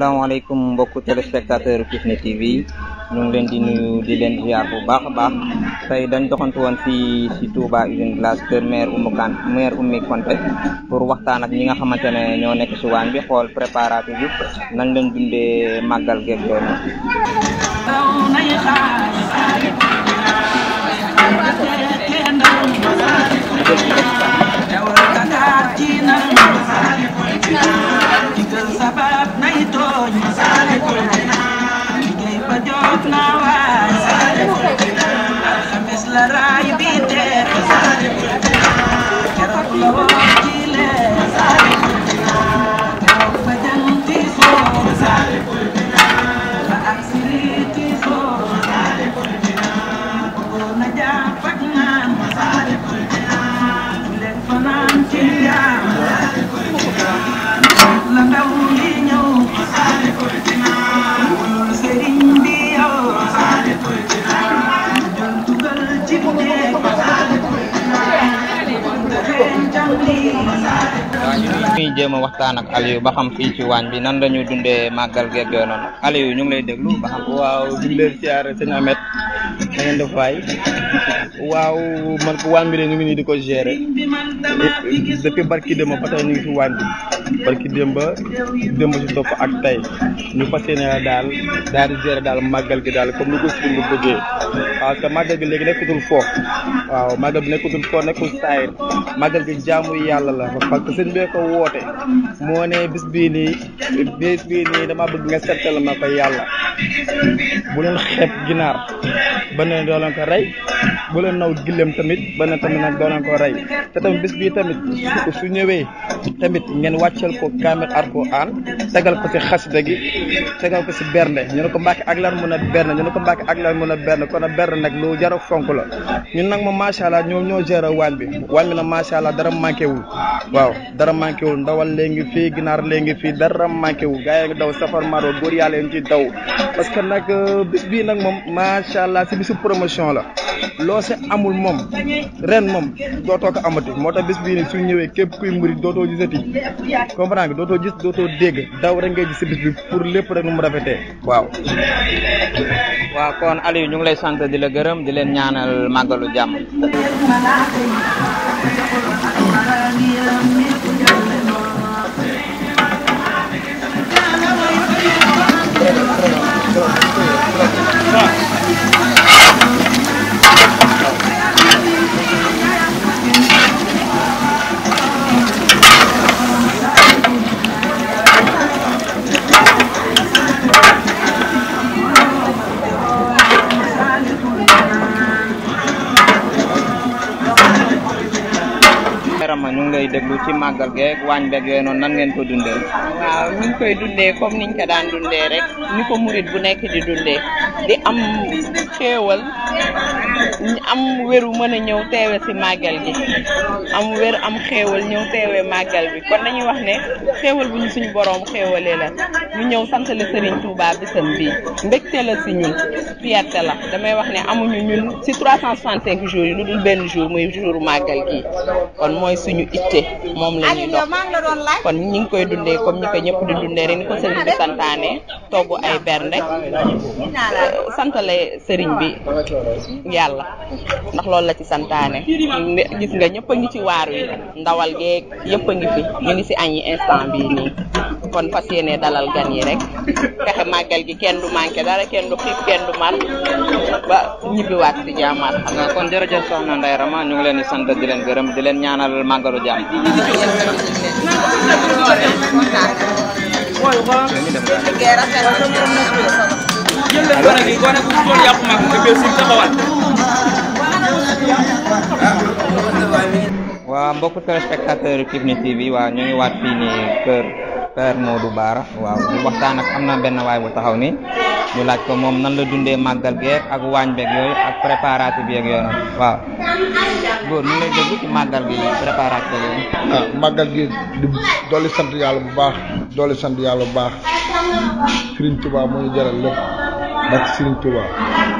assalamualaikum mbokk téléspectateur Kifne TV ñu ngi leen di nuyu di leen ziar bu baax baax tay dañ doxantu won fi ci Touba usine glace kër maire Oumou kan maire Oumy Konté pour waxtaan ak ñi nga xamante ne ñoo nekk ci waan bi xol préparatif yi nañ leen dundee màggal geeg yooyu noonu. digal sabaab nay tooñ saale ko liggéey ba jot na waay saale ko alxames la raay bi teer saale ko Aliou ba xam fii ci waañ bi nan lañu dundee màggal geeg yooyu noonu Aliou ñu ngi lay déglu ba xam. waaw di leen siyaar sëñ Ahmed da def waay waaw man waañ bi de ñu ngi nii di ko gérer depuis barki dem ba tey ñu ngi fi waañ bi barki démb ba si topp ak tey ñu fas yéene daal daal di gérer daal màggal gi daal comme ni ko suñu bëggee parce màggal gi léegi nekkatul foofu. waaw magal bi nekkutul ko nekkul saayir magal gi jaamu yàlla la parce que bee ko woote moo ne bis bii nii bis bii nii dama bëgg nga seetal ma ko yàlla bu leen xeeb ginaar banen do lan ko ray bu len naw gillem tamit banen ne tamit nag doo leen ko ray te tamit bis bi tamit su ñewé tamit ngeen ko arko an tagal ko ci xasida gi tagal ko ci berne ñu ko mbacke ak lan mun berne ñu ko mbacke ak lan mun berne kon berne nak lu jaro fonk la ñun nak mo machallah ñoo ñoo géré waañ bi waañ bi na machallah dara manké wu waaw dara manké wu ndawal léegi fii ginaar léegi fi dara manké wu gaay nga daw safar maro ñu ci daw parce que nak euh, bis bi nak mom machallah bisu promotion la loo si amul moom ren moom dootoo ko amati moo tax bis bii nii su ñëwee képp kuy murit dootoo gisati comprendre nga dootoo gis dootoo dégg daw rek ngay gis bis bi pour lépp rek nu mu rafetee waaw. waaw kon Aliou ñu ngi lay sant di la gërëm di leen ñaanal màggalu jàmm. ci màggal geeg waañ beeg yooyu noonu nan ngeen ko dundee. waaw ñu koy dundee comme niñ ko daan dundee rek ni ko murit bu nekk di dundee di am xéewal am wéru mën a ñëw teewe ci màggal gi am wér am xéewal ñëw teewe màggal bi kon dañuy wax ne xéewal bu ñu suñu boroom xéewalee la ñu ñëw sant la Serigne Touba bisam bii mbégte la si ñun fierté la damay wax ne amuñu ñun si 365 jours yi lu dul benn jour muy jour màggal gi kon mooy suñu itte moom la ñuy dox kon ñu ngi koy dundee comme ñu ko ñëpp di dundee rek ni ko Serigne bi santaane togg ay bernde santale Serigne bi yàlla ndax loolu la ci santaane gis nga ñëpp a ngi ci waaru yi ndawal geeg yëpp a ngi fi ñu ngi si añ yi instant bii nii. kon fas yéene dalal gan yi rek fexe màggal gi kenn du manqué dara kenn du xiif kenn du mar ba ñibbiwaat si jaamaat xam nga kon jërëjëf soxna nday rama ñu ngi leen di sant di leen gërëm di leen ñaanal màggalu jàmm jëlal mbokk téléspectateur TV waa ñu ngi Père du Bara waaw ñu waxtaan ak am na benn waay bu taxaw ni ñu laaj ko moom nan la dundee màggal geeg ak waañ beeg yooyu ak préparatif bi yooyu noonu waaw góor ñu lay dégg màggal gi préparatif yooyu. Ah, dolli sant yàlla bu baax dolli sant yàlla bu baax Serigne Touba moo ñu jaral lépp ndax Serigne Touba.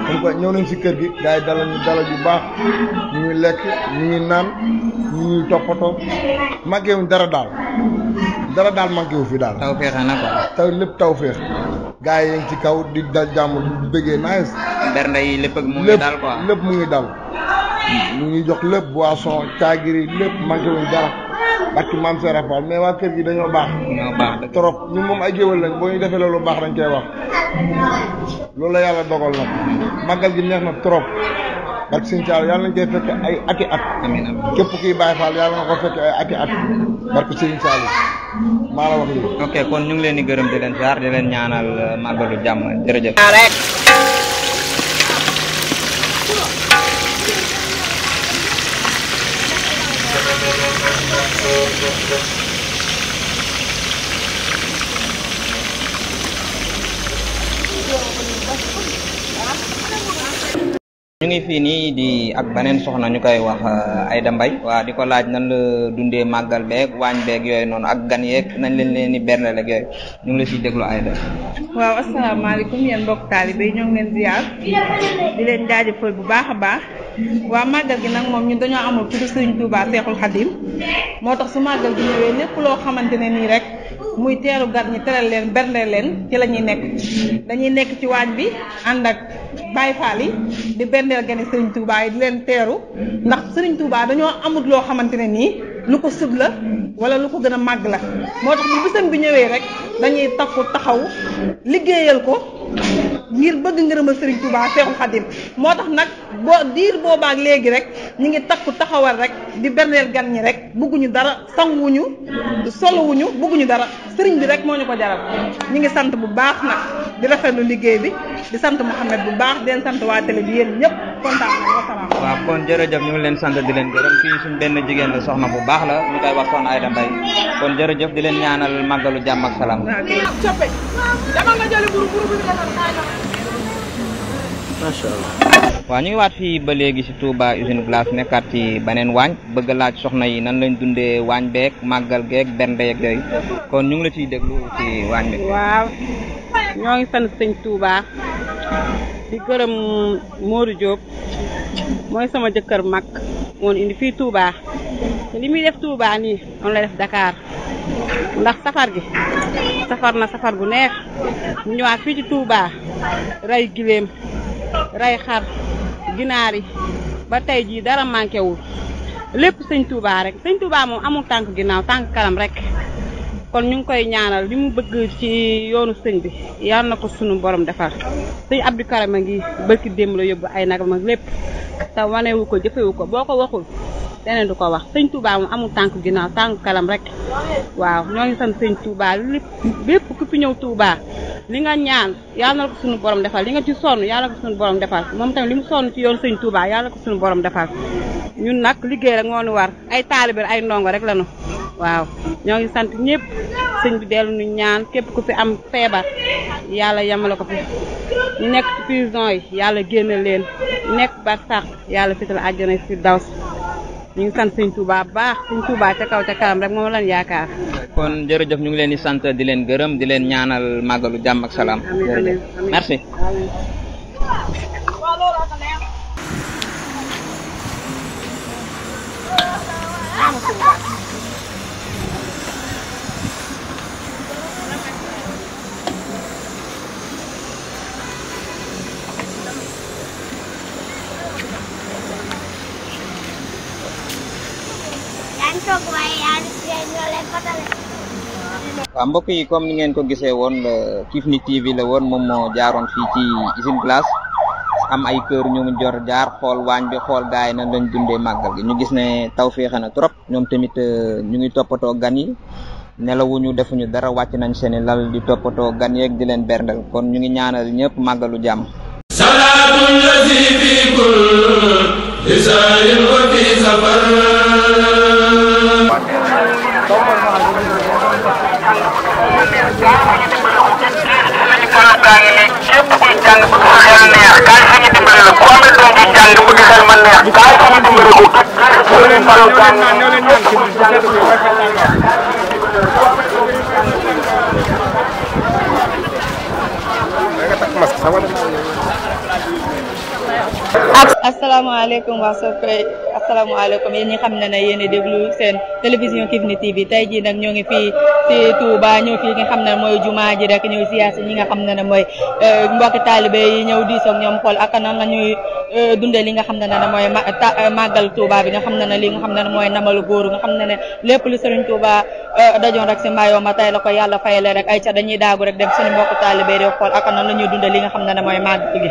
comme que ñëw nañ si kër gi gars yi dalal ñu dalal yu baax ñu ngi lekk ñu ngi naan ñu ngi toppatoo màggee wuñ dara daal. dara daal manqué wu fi daal. taw féex na ko. taw lépp taw féex. gars yi ngi ci kaw di dal jàmm di bëggee nice. bernde yi lépp mu ngi lépp mu ngi dal. mu ngi jox lépp boisson caagiri lépp manqué wuñ dara. barki maam sa rafal mais waa kër gi dañoo baax. dañoo baax trop ñun moom ay géwél lañ boo ñu defee loolu baax dañ koy wax. loolu la yàlla dogal nag. màggal gi neex na trop. barke seigne thiaw yalla nañ koy fekk ay ati at kep kuy bàyyi fall yalla na ko fekk ay ati at barku seigne thiaw ma la wax ni ok kon ñu ngi leen di gërëm di leen jaar di leen ñaanal magalu jamm eh, jërëjëf Thank you. ñu ngi fii nii di ak beneen soxna ñu koy wax eh, Aïda Mbaye waaw di ko laaj nan la dundee màggal beeg waañ beeg yooyu noonu ak gan yeeg nañ leen leen ni bernde leeg yooyu ñu ngi la ciy déglu Aïda waaw asalaamaaleykum yéen mbokk taalibe ñoo ngi leen ziar di leen jaajëfal bu baax a baax waa màggal gi nag moom ñu dañoo amul ku dul Sëriñ Tuubaa Seexul Xadim moo tax su màggal gi ñëwee lépp loo xamante ne nii rek muy teeru gar ñi teral leen bernde leen ci la ñuy nekk dañuy nekk ci waaj bi ànd ak Baay Faal yi di berndeel gane Sëriñ Tuubaa yi di leen teeru ndax Sëriñ Tuubaa dañoo amul loo xamante ne nii lu ko sub la wala lu ko gën a màgg la moo tax bu bisam bi ñëwee rek dañuy takku taxaw liggéeyal ko ngir bëgg ngërëmal sëriñ Touba Seexul Xadim moo tax nag boo diir léegi rek ñu ngi takku taxawal rek di berneel gan ñi rek bugguñu dara sanguwuñu soluwuñu bugguñu dara sëriñ bi rek moo ñu ko jaral ñu ngi sant bu baax nag di lu liggéey bi di sant Mouhamed bu baax den sant waa télé bi yéen ñëpp kontaan nañu kon jërëjëf ñu ngi leen sant di leen gërëm fii suñ benn jigéen la soxna bu baax la ñu koy wax ay Aïda Mbaye kon jërëjëf di leen ñaanal màggalu jàmm ak salaam. macha allah beli ñu bah ba léegi si Touba usine glace nekkaat ci banen wañ bëgg laaj soxna yi nan lañ dundé wañ bék magal gék bernde ak yooyu kon ñu ngi la ciy déglu ci wañ bék. waaw ñoo ngi sant Seigne Touba di gërëm Modou Diop Moy sama jëkkeur mak moon indi fi Touba li def Touba ni on la def Dakar ndax safar gi safar na safar bu neex ñu ñëwaat fii ci Touba ray gileem rey xar ginaar yi ba tey jii dara manqué wul lépp sëñ Touba rek sëñ Touba moom amul tànk ginnaaw tànk kanam rek kon ñu ngi koy ñaanal li mu bëgg ci yoonu sëñ bi yal na ko sunu borom defal sëñ Abdou Karim a ngi bëkki démb la yóbbu ay nag mag lépp te wanewu ko jëfewu ko boo ko waxul leneen du ko wax sëñ Touba moom amul tànk ginnaaw tànk kanam rek waaw ñoo ngi sant sëñ Touba lépp bépp ku fi ñëw Touba li nga ñaan yàlla na ko suñu borom defal li nga ci sonn yàlla na ko suñu borom defal moom tamit li mu sonn ci yoon sëñ Touba yàlla na ko suñu borom defal ñun nag liggéey rek moo war ay taalibe ay ndongo rek la ñu waaw ñoo ngi sant ñëpp sëñ bi dellu ñu ñaan képp ku fi am feebar yàlla yamale ko fi nekk ci yi yàlla génne leen nekk barsàq yàlla fital àjjana si daw si ñu ngi sant sëñ Touba baax sëñ Touba ca kaw ca kanam rek moom lan yaakaar kon jërëjëf ñu ngi leen di sant di leen gërëm di leen ñaanal màggalu jàmm ak salaam waaw mbokk yi comme ni ngeen ko gisee woon Kifne TV la woon moom moo jaaroon fii ci usine glace am ay kër ñu ngi jor jaar xool waañ bi xool gaay nan lañ dundee màggal gi ñu gis ne taw féexe na trop ñoom tamit ñu eh, ngi toppatoo gan yi nelawuñu defuñu dara wàcc nañ seeni lal di toppatoo gan yeeg di leen berndal kon ñu ngi ñaanal ñëpp màggalu jàmm lazi Masque, ça va asalaamaaleykum waa Sofre asalaamaaleykum yéen ñi xam na ne yéen a déglu seen télévision Kifne TV tey jii nag ñoo ngi fii si Touba ñëw fii nga xam ne mooy jumaa ji rek ñëw siyaas ñi nga xam ne ne mooy euh, mbokki taalibe yi ñëw diisoog ñoom xool aka nan la ñuy euh, dundee li nga xam ne ne mooy euh, màggal Touba bi nga xam ne ne li nga xam mooy namalu góor nga xam ne ne lépp lu Serigne Touba dajoon rek si mbayoo ma tey la ko yàlla fayale rek ay ca dañuy daagu rek dem suñu mbokk taalibe yi di xool ak nan la ñuy dundee li nga xam ne ne mooy màggal gi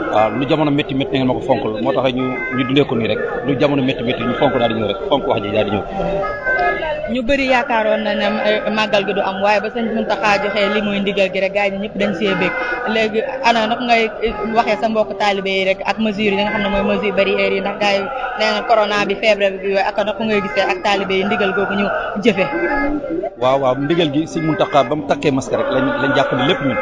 waaw lu jamono métti métti na ngeen ma ko fonkal moo tax ñu ñu dundee ko nii rek lu jamono métti métti ñu fonk daal di ñëw wax ji daal di ñëw. ñu bëri yaakaaroon na ne eh, màggal gi du am waaye ba sëñ Muntaxa joxee li muy ndigal gi rek gars yi ñëpp dañ see bég léegi nag ngay eh, waxee sa mbokk taalibe yi rek ak mesure yi nga xam ne mooy mesure barrière yi ndax gars yi nee na corona bi feebar bi yooyu ak nag ngay gisee ak taalibe yi ndigal googu ñu jëfe waaw waaw ndigal gi si sëñ Muntaxa ba mu takkee masque rek lañ lañ jàpp ne lépp ñun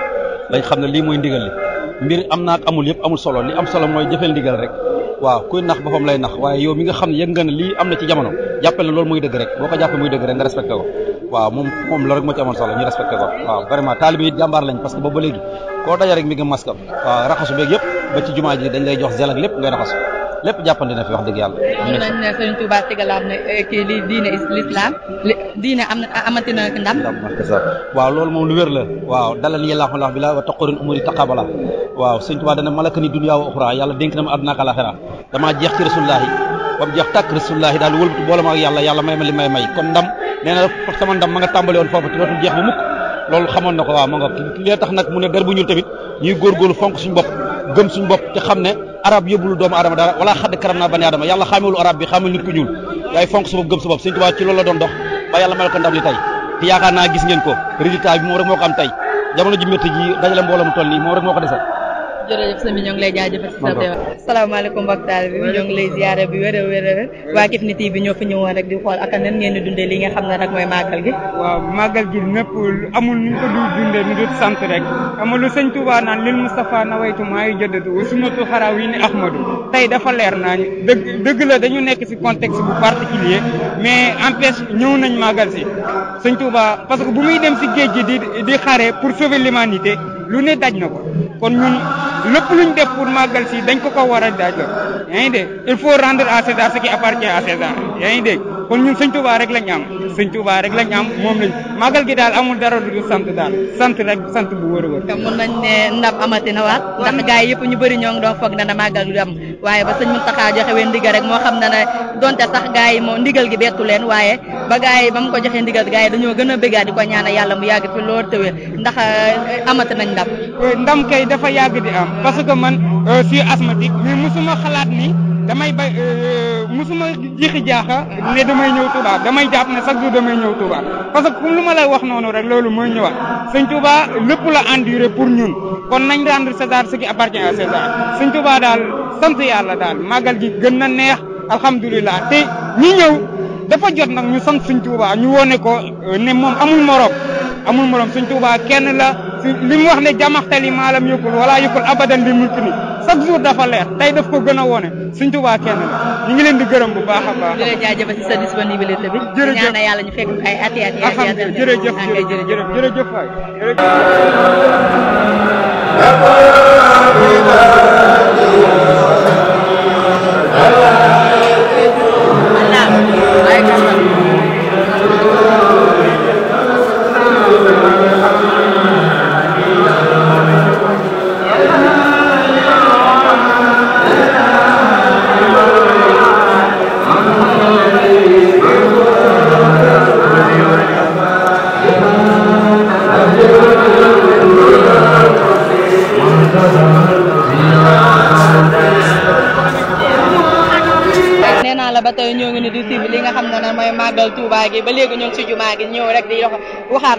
lañ xam ne lii mooy ndigal li mbir am naak amul yëpp amul solo li am solo mooy jëfeel ndigal rek waaw kuy nax boppam lay nax waaye yow mi nga xam ne yëg nga ne lii am na ci jamono jàppale na loolu muy dëgg rek boo ko jàppee muy dëgg rek nga respecté ko waaw moom moom loolu rek moo ci amoon solo ñu respecté ko waaw vraiment taalibe yi jàmbaar lañ parce que boobu ba koo daja rek mi ngi maskam waaw raxasu beeg yëpp ba ci jumaa ji dañ lay jox zel lépp ngay raxasu lepp jàppandi na fi wax dëgg yàlla eh, am na serigne Touba tegal am na kii li diine l'islam diine am amati na ndam waaw loolu mom lu wér la waaw dalal yi laaxu laax bila wa taqurun umuri taqabala waaw serigne Touba dana malaka ni dunya wa ukhra yalla denk na ma àdduna ak alaxira dama jeex ci rasulullah bam jeex tak rasulullah dal wëlbatu bolam ak yalla yalla may ma li may may kon ndam neena sama ndam ma nga tambali won fofu ci dootul jeex bu mukk loolu xamone nako ko waaw ma nga li tax nak mu ne der bu ñuul tamit ñuy gor fonk suñu bop gëm suñu bop te xamne arab yóbbulu doomu aadama dara wala xadd karam naa bani aadama yàlla xaamewul arab bi xaamewul nit ku fonk sa bopp gëm sa bopp Sëñ ba yàlla may ndam li tey te yaakaar naa gis ngeen ko bi moom rek ko am tey jamono ji métti ji dajale mbooloo mu moom rek moo ko desal jërëjëf Samy ñoo ngi lay jaajëfal si sa teewaay. salaamaaleykum mbokk taal bi ñoo ngi lay ziare bi wér a wér a wér waa Kifne TV bi ñoo fi ñëwoon rek di xool ak nan ngeen di dundee li nga xam ne nag mooy màggal gi. waaw màggal gi ñëpp amul ñu ko du dundee ñu dul sant rek amul lu sëñ Touba naan lil Moustapha nawaytu maayu jëddatu wa sunnatu xaraaw yi ni Ahmadou tey dafa leer naañu dëgg dëgg la dañu nekk si contexte bu particulier mais empêche ñëw nañ màggal si sëñ Touba parce que bu muy dem si di di xare pour sauver l'humanité lu ne daj na ko lépp luñ def pour màggal si dañ ko ko war a daajoo yaa ngi dégg il faut rendre à César ce qui appartient à César yaa ngi dégg kon ñun sëñ Touba rek lañ am sëñ Touba rek lañ am moom lañ màggal gi daal amul dara du sant daal sant rek sant bu wër a wër. mën nañ ne ndam amati na waat ndax gars yi yëpp ñu bëri ñoo ngi doon foog na na màggal du am waaye ba sëñ Mountakha joxe wee ndigal rek moo xam na ne sax gars moo ndigal gi bettu leen waaye ba gars yi ba mu ko joxee ndigal gars yi dañoo gën a bëggaat di ko ñaanal yàlla mu yàgg fi loolu tëwee ndax eh, amati nañ ndam. Eh, ndam kay dafa yàgg di am parce que man euh, suis asthmatique mais musuma xalaat ni damay bay euh, musuma jixi jaaxa ne damay ñëw Touba damay jàpp ne chaque jour damay ñëw Touba parce que comme lu ma lay wax noonu rek loolu mooy ñëwaat sëñ Touba lépp la enduré pour ñun kon nañ rendre César ce qui appartient à César sëñ Touba daal sant yàlla daal màggal gi gën na neex alhamdulilah te ñi ñëw dafa jot nag ñu sant sëñ Touba ñu woone ko euh, ne moom amul morom. amul morom seigne Touba kenn la li wax ne jamaxtali malam yëkkul wala yëkkul abadan bi mulki ni chaque jour dafa leer tay daf ko gëna wone seigne Touba kenn la ñi ngi leen di gëreem bu baax a baax. di la jaajëfal si sa disponibilité bi. jërëjëf ñaan na yàlla ñu fekk ay at i at i jeuf i jeuf jërëjëf jeuf jërëjëf jeuf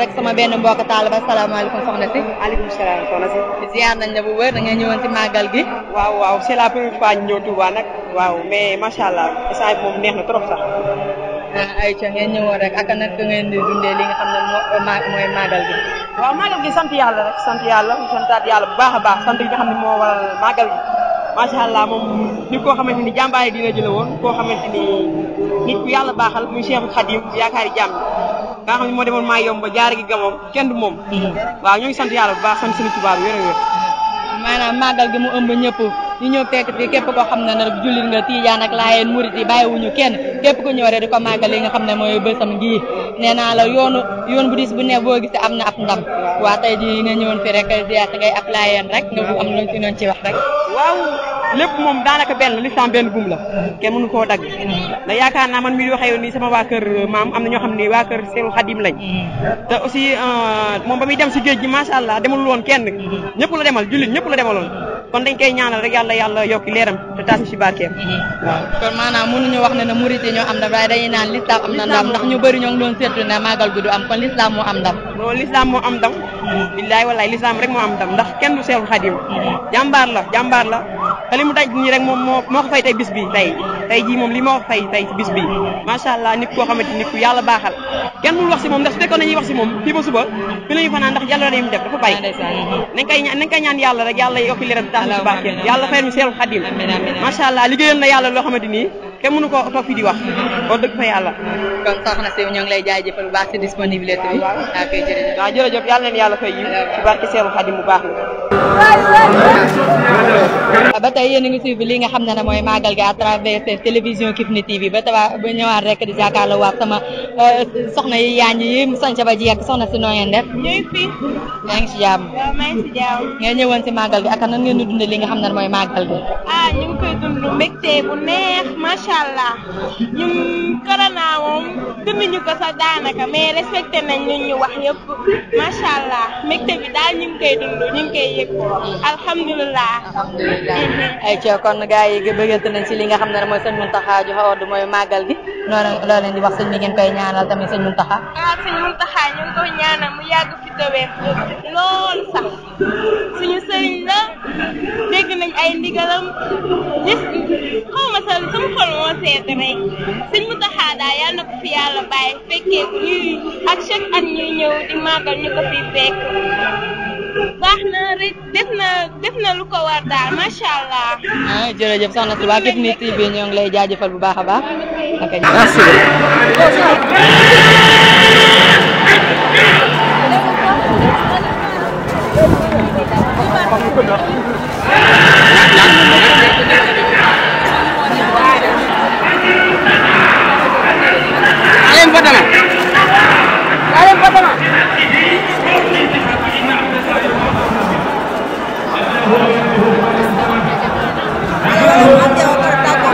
rek sama benn mbokk taaliba salaamaaleykum soxna si aleykum salaam soxna si ziar nañ la bu wër da nga ñëwoon ci màggal gi waaw waaw c'est la première fois ñu ñëw Touba nag waaw mais macha allah essence moom neex na trop sax ah, ay ca ngeen ñëwoon rek ak nag ngeen di dundee li nga xam ne mooy màggal gi waaw màggal gi sant yàlla rek sant yàlla santaat yàlla bu baax a baax sant nga xam ne moo waral màggal gi macha allah moom ni koo xamante ni jàmbaare dina jëla woon koo xamante ni nit ku yàlla baaxal muy Cheikh Khadim yaakaari jàmm nga xam ne moo demoon maa yomb ba jaare gi gamoom kenn du moom mm. waaw ñoo ngi sant yàlla bu baax sant suñu wér a wér maanaam gi mu ëmb ñëpp ñu ñëw fekk fi képp koo xam ne nag jullit nga tiijaan ak laayeen murit yi bàyyiwuñu kenn képp ku ñëw rek di ko màggal li nga xam ne mooy bësam gii nee naa la yoonu yoon bu dis bu ne boo gisee am na ab ndam waa tey jii nga ñëwoon fi rek ziyaat ngay ab laayeen rek nga am lu ci noon ci wax rek waaw lépp moom daanaka benn lislam benn gum la kenn mënu koo dagg da yaakaar naa man mi di waxee nii sama waa kër maam am na ñoo xam ne waa kër seelu xadim lañ te aussi euh, moom ba muy dem si géej gi macha allah demul woon kenn ñëpp la demal jullit ñëpp la demaloon kon dañ koy ñaanal rek yàlla yàlla yokki leeram te taas ñu ci barkeem waaw kon maanaam mënuñu wax ne ne murit ñoo am ndam waaye dañuy naan lislaam am na ndam ndax ñu bëri ñoo ngi doon seetlu ne màggal gu du am kon lislaam moo am ndam loolu l'islam mo am dam billahi wallahi l'islam rek mo am dam ndax kenn du cheikh khadim jambar la jambar la te li mu daj nii rek mom moo ko fay tay bis bi tay tay ji mom li mo fay tay ci bis bi ma sha allah nit ko xamanteni nit ku yalla baxal kenn mu wax ci mom ndax su fekkoon nañuy wax ci mom fi ba suba fi lañu fana ndax yalla la mu def dafa bari nañ kay nañ koy ñaan yalla rek yàlla yokk leeram tax ci barke yalla fay mu cheikh khadim ma sha allah liggéeyoon na yalla lo xamanteni kenn mënu koo toog fii di wax wax dëgg fa yàlla. kon soxna si ñoo ngi lay jaay bu baax si disponibilité bi. Ah, waaw waaw ah, yàlla na yàlla fay yiw ci barke Seexu Xadim bu baax la. ba te yen a ngi suivi li nga xam ne ne mooy màggal gi à travers télévision Kifne TV ba tawa ba ñëwaat rek di jàkkaarloo waat sama euh, soxna yi yaañ yi sañca ba jeeg soxna si noo def. ñooy fi. yaa si jàmm. waaw maa ngi si jàmm. ngeen ñëwoon si màggal gi ak nan ngeen di li nga xam ne mooy màggal gi. ah ñu ngi koy dund mbégte bu neex macha allah ñun corona moom dund ñu ko sax daanaka mais respecté nañ li ñu wax yëpp macha allah mbégte bi daal ñu koy dund ñu koy alhamdulilah. ay ca kon gars yi bëggante nañ si li nga xam ne mooy sëñ Muntaxa joxe ordre mooy màggal gi noonu loo di wax sëñ bi ngeen koy ñaanal tamit sëñ Muntaxa. waaw ah, sëñ Muntaxa ñu ngi koy ñaanal mu yàgg fi ay ndigalam gis xaw ma sax xol moo seet rek sëñ Muntaxa daal yal na ko fi yàlla bàyyi fekkee ñuy ak chaque at ñuy ñëw di màggal ñu ko fi fekk. baax na rek def na def lu ko war allah. ah jërëjëf soxna si waa Kifne TV ñoo ngi lay jaajëfal bu baax a Thank you.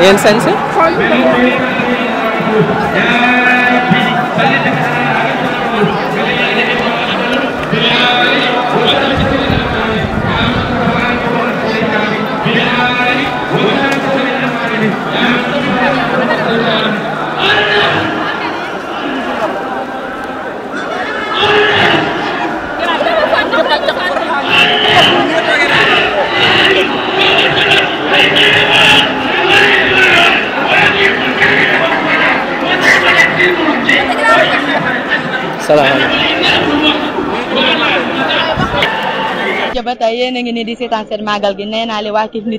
incense? Yeah. yéen a ngi nii di seetaan seen màggal gi nee naa li waa Kifne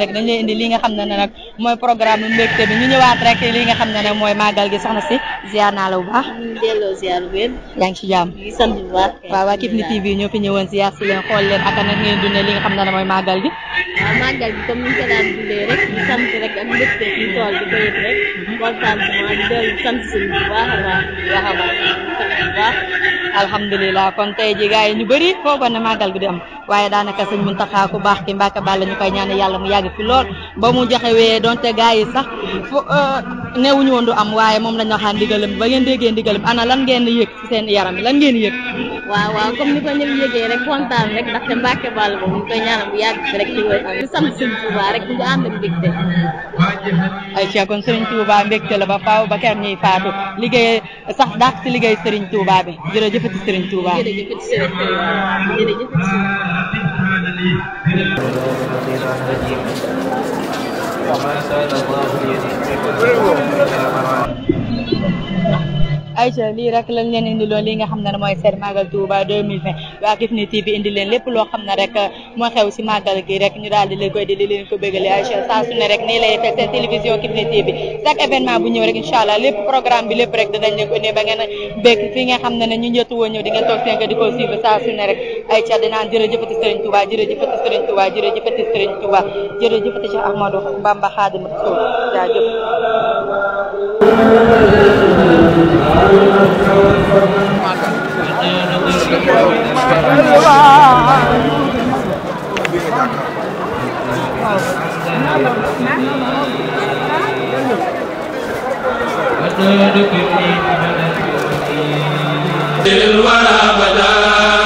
dañ indi li nga xam ne nag mooy programme mbégte bi ñu ñëwaat rek li nga xam ne ne mooy màggal gi soxna si ziar naa la bu baax delloo ziar wér yaa ngi ci jàmm ngi sant bu baax waaw waa Kifne TV ñoo fi ñëwoon ziar si leen xool leen ak nag ngeen dundee li nga xam ne ne mooy màggal gi waaw màggal gi comme ñu ko daan dundee rek di sant rek ak mbégte ci tool di ko yëg rek contentement mhm. di sant suñu bu baax a baax baax a baax sant bu baax alhamdulilah kon tey ji gars yi ñu bëri foogoon ne màggal gi di am waaye daanaka sëñ Muntaxa ku baax ki Mbàkke balla ñu koy ñaan yàlla mu yàgg fi lool ba mu joxewee donte gars yi sax fu euh, newuñu woon du am waaye moom lañ waxaan ndigalam ba ngeen déggee ndigalam ana lan ngeen yëg ci seen yaram lan geen yëg. waaw waaw comme ni ko ñëpp yëgee rek kontaan rek ndaxte Mbacke Ball boobu ñu koy ñaanal bu yàgg ci wér di sant Serigne Touba rek ñu ànd ak mbégte. ayca kon Serigne Touba mbégte la ba faaw ba ker ñuy faatu liggéey sax ci liggéey Serigne Touba bi jërëjëfati Serigne Touba. وما سال الله بيده ay lii rek lañ leen indiloon li nga xam ne mooy seen màggal Touba 2020 waa Kifne TV indi leen lépp loo xam na rek moo xew si màggal gi rek ñu daal di leen koy di leen ko bëggale ayca saa su ne rek nii lay fekk seen télévision Kifne TV chaque événement bu ñëw rek incha lépp programme bi lépp rek dinañ leen ko indee ba ngeen békk fi nga xam ne ne ñu njëtu woon ñëw di ngeen toog seen ko di ko suivre saa su rek ayca dinaan jërëjëfati Serigne Touba jërëjëfati دل ورا بدل